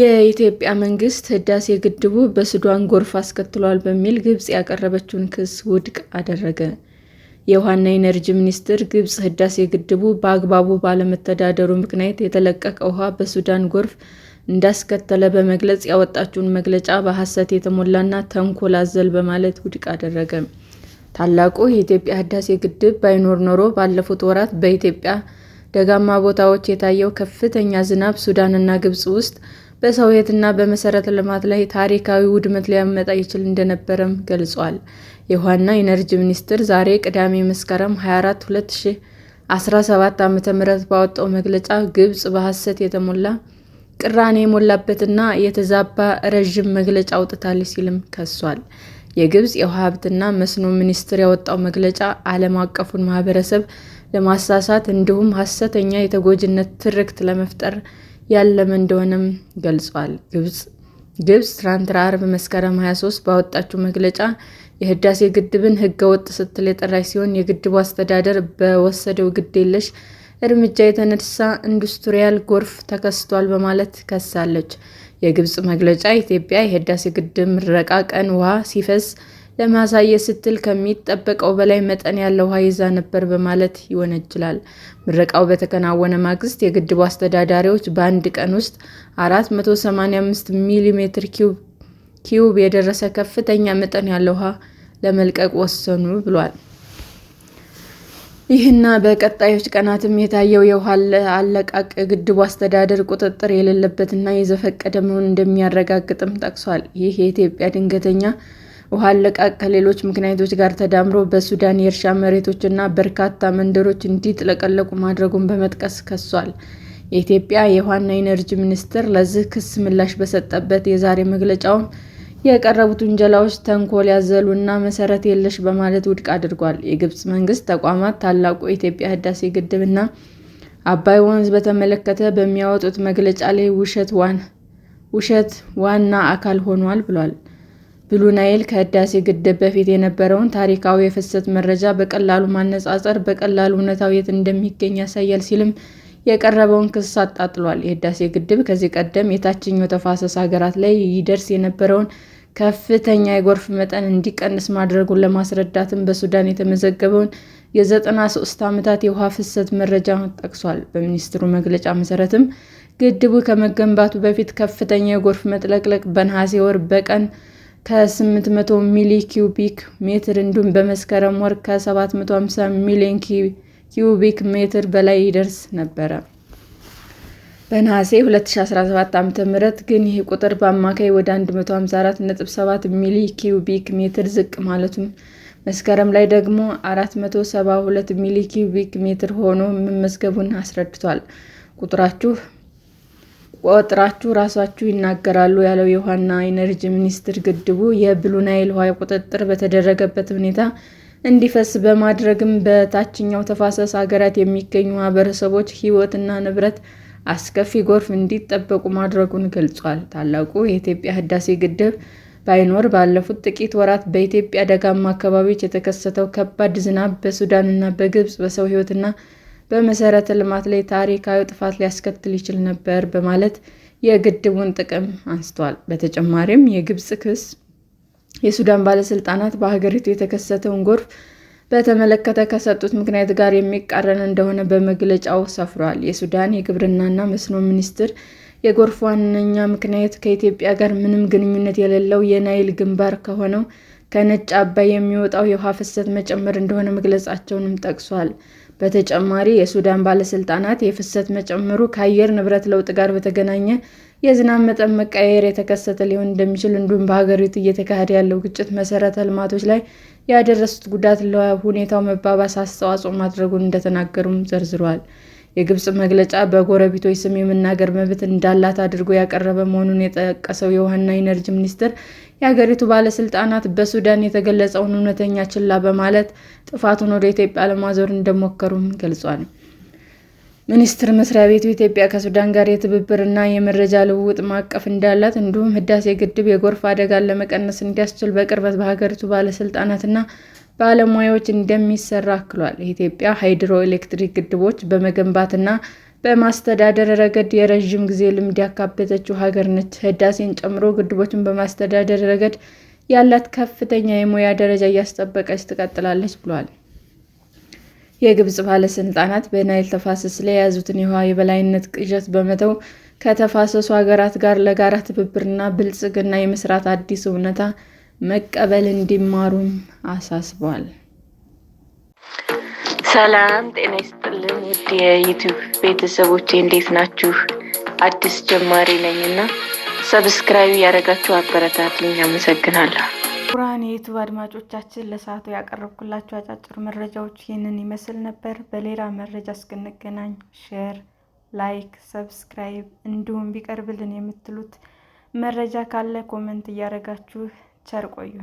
የኢትዮጵያ መንግሥት ህዳሴ ግድቡ በሱዳን ጎርፍ አስከትሏል በሚል ግብፅ ያቀረበችውን ክስ ውድቅ አደረገ። የውኃና ኢነርጂ ሚኒስቴር ግብፅ ህዳሴ ግድቡ በአግባቡ ባለመተዳደሩ ምክንያት የተለቀቀ ውሃ በሱዳን ጎርፍ እንዳስከተለ በመግለጽ ያወጣችውን መግለጫ በሐሰት የተሞላና ተንኮል አዘል በማለት ውድቅ አደረገ። ታላቁ የኢትዮጵያ ህዳሴ ግድብ ባይኖር ኖሮ ባለፉት ወራት በኢትዮጵያ ደጋማ ቦታዎች የታየው ከፍተኛ ዝናብ ሱዳንና ግብፅ ውስጥ በሰው ሕይወትና በመሠረተ ልማት ላይ ታሪካዊ ውድመት ሊያመጣ ይችል እንደነበረም ገልጿል። የውሃና ኢነርጂ ሚኒስቴር ዛሬ ቅዳሜ መስከረም 24 2017 ዓ.ም ባወጣው መግለጫ ግብጽ በሐሰት የተሞላ ቅራኔ የሞላበትና የተዛባ ረዥም መግለጫ አውጥታለች ሲልም ከሷል። የግብጽ የውሃ ሀብትና መስኖ ሚኒስቴር ያወጣው መግለጫ ዓለም አቀፉን ማህበረሰብ ለማሳሳት እንዲሁም ሐሰተኛ የተጎጂነት ትርክት ለመፍጠር ያለመ እንደሆነም ገልጿል። ግብፅ ትናንት አርብ መስከረም 23 ባወጣችው መግለጫ የህዳሴ ግድብን ወጥ ስትል የጠራች ሲሆን የግድቡ አስተዳደር በወሰደው ግዴለሽ እርምጃ የተነሳ ኢንዱስትሪያል ጎርፍ ተከስቷል በማለት ከሳለች። የግብፅ መግለጫ ኢትዮጵያ የህዳሴ ግድብ ምረቃ ቀን ውሃ ሲፈስ ለማሳየት ስትል ከሚጠበቀው በላይ መጠን ያለው ውሃ ይዛ ነበር በማለት ይወነጅላል። ምረቃው በተከናወነ ማግስት የግድቡ አስተዳዳሪዎች በአንድ ቀን ውስጥ 485 ሜትር ኪዩብ የደረሰ ከፍተኛ መጠን ያለው ውሃ ለመልቀቅ ወሰኑ ብሏል። ይህና በቀጣዮች ቀናትም የታየው የውሃ አለቃቅ የግድቡ አስተዳደር ቁጥጥር የሌለበትና የዘፈቀደ መሆኑን እንደሚያረጋግጥም ጠቅሷል። ይህ የኢትዮጵያ ድንገተኛ ውሃ አለቃቅ ከሌሎች ምክንያቶች ጋር ተዳምሮ በሱዳን የእርሻ መሬቶችና በርካታ መንደሮች እንዲጥለቀለቁ ማድረጉን በመጥቀስ ከሷል። የኢትዮጵያ የውኃና ኢነርጂ ሚኒስቴር ለዚህ ክስ ምላሽ በሰጠበት የዛሬ መግለጫውም የቀረቡት ውንጀላዎች ተንኮል ያዘሉና መሰረት የለሽ በማለት ውድቅ አድርጓል። የግብፅ መንግስት ተቋማት ታላቁ የኢትዮጵያ ግድብ ግድብና አባይ ወንዝ በተመለከተ በሚያወጡት መግለጫ ላይ ውሸት ዋና አካል ሆኗል ብሏል። ብሉ ናይል ከህዳሴ ግድብ በፊት የነበረውን ታሪካዊ የፍሰት መረጃ በቀላሉ ማነጻጸር በቀላሉ እውነታው የት እንደሚገኝ ያሳያል ሲልም የቀረበውን ክስ አጣጥሏል። የህዳሴ ግድብ ከዚህ ቀደም የታችኛው ተፋሰስ ሀገራት ላይ ይደርስ የነበረውን ከፍተኛ የጎርፍ መጠን እንዲቀንስ ማድረጉን ለማስረዳትም በሱዳን የተመዘገበውን የ93 ዓመታት የውሃ ፍሰት መረጃ ጠቅሷል። በሚኒስትሩ መግለጫ መሰረትም ግድቡ ከመገንባቱ በፊት ከፍተኛ የጎርፍ መጥለቅለቅ በነሐሴ ወር በቀን ከ800 ሚሊ ኪዩቢክ ሜትር እንዲሁም በመስከረም ወር ከ750 ሚሊዮን ኪዩቢክ ሜትር በላይ ይደርስ ነበረ። በነሐሴ 2017 ዓ.ም ግን ይህ ቁጥር በአማካይ ወደ 154.7 ሚሊ ኪዩቢክ ሜትር ዝቅ ማለቱም፣ መስከረም ላይ ደግሞ 472 ሚሊ ኪዩቢክ ሜትር ሆኖ መመዝገቡን አስረድቷል። ቁጥራችሁ ቆጥራችሁ ራሳችሁ ይናገራሉ ያለው የውሃና ኢነርጂ ሚኒስትር ግድቡ የብሉ ናይል ውሃ ቁጥጥር በተደረገበት ሁኔታ እንዲፈስ በማድረግም በታችኛው ተፋሰስ ሀገራት የሚገኙ ማህበረሰቦች ህይወትና ንብረት አስከፊ ጎርፍ እንዲጠበቁ ማድረጉን ገልጿል። ታላቁ የኢትዮጵያ ህዳሴ ግድብ ባይኖር ባለፉት ጥቂት ወራት በኢትዮጵያ ደጋማ አካባቢዎች የተከሰተው ከባድ ዝናብ በሱዳንና በግብፅ በሰው ሕይወትና በመሰረተ ልማት ላይ ታሪካዊ ጥፋት ሊያስከትል ይችል ነበር በማለት የግድቡን ጥቅም አንስቷል። በተጨማሪም የግብፅ ክስ የሱዳን ባለስልጣናት በሀገሪቱ የተከሰተውን ጎርፍ በተመለከተ ከሰጡት ምክንያት ጋር የሚቃረን እንደሆነ በመግለጫው ሰፍሯል። የሱዳን የግብርናና መስኖ ሚኒስትር የጎርፉ ዋነኛ ምክንያት ከኢትዮጵያ ጋር ምንም ግንኙነት የሌለው የናይል ግንባር ከሆነው ከነጭ አባይ የሚወጣው የውሃ ፍሰት መጨመር እንደሆነ መግለጻቸውንም ጠቅሷል። በተጨማሪ የሱዳን ባለስልጣናት የፍሰት መጨመሩ ከአየር ንብረት ለውጥ ጋር በተገናኘ የዝናብ መጠን መቀየር የተከሰተ ሊሆን እንደሚችል እንዲሁም በሀገሪቱ እየተካሄደ ያለው ግጭት መሰረተ ልማቶች ላይ ያደረሱት ጉዳት ለሁኔታው መባባስ አስተዋጽኦ ማድረጉን እንደተናገሩም ዘርዝረዋል። የግብጽ መግለጫ በጎረቤቶች ስም የመናገር መብት እንዳላት አድርጎ ያቀረበ መሆኑን የጠቀሰው የውኃና ኢነርጂ ሚኒስቴር የሀገሪቱ ባለስልጣናት በሱዳን የተገለጸውን እውነተኛ ችላ በማለት ጥፋቱን ወደ ኢትዮጵያ ለማዞር እንደሞከሩም ገልጿል። ሚኒስቴር መስሪያ ቤቱ ኢትዮጵያ ከሱዳን ጋር የትብብርና የመረጃ ልውውጥ ማዕቀፍ እንዳላት እንዲሁም ህዳሴ ግድብ የጎርፍ አደጋን ለመቀነስ እንዲያስችል በቅርበት በሀገሪቱ ባለስልጣናትና ባለሙያዎች እንደሚሰራ አክሏል። ኢትዮጵያ ሃይድሮ ኤሌክትሪክ ግድቦች በመገንባትና በማስተዳደር ረገድ የረዥም ጊዜ ልምድ ያካበተችው ሀገር ነች። ህዳሴን ጨምሮ ግድቦችን በማስተዳደር ረገድ ያላት ከፍተኛ የሙያ ደረጃ እያስጠበቀች ትቀጥላለች ብሏል። የግብጽ ባለስልጣናት በናይል ተፋሰስ ላይ የያዙትን የውሃ የበላይነት ቅዠት በመተው ከተፋሰሱ ሀገራት ጋር ለጋራ ትብብርና ብልጽግና የመስራት አዲስ እውነታ መቀበል እንዲማሩም አሳስቧል። ሰላም ጤና ይስጥልን ውድ የዩቱብ ቤተሰቦቼ እንዴት ናችሁ? አዲስ ጀማሪ ነኝ እና ሰብስክራይብ ያደረጋችሁ አበረታትልኝ። አመሰግናለሁ። ቁራን የዩቱብ አድማጮቻችን ለሰዓቱ ያቀረብኩላችሁ አጫጭር መረጃዎች ይህንን ይመስል ነበር። በሌላ መረጃ እስክንገናኝ ሼር፣ ላይክ፣ ሰብስክራይብ እንዲሁም ቢቀርብልን የምትሉት መረጃ ካለ ኮመንት እያደረጋችሁ ቸር ቆዩኝ።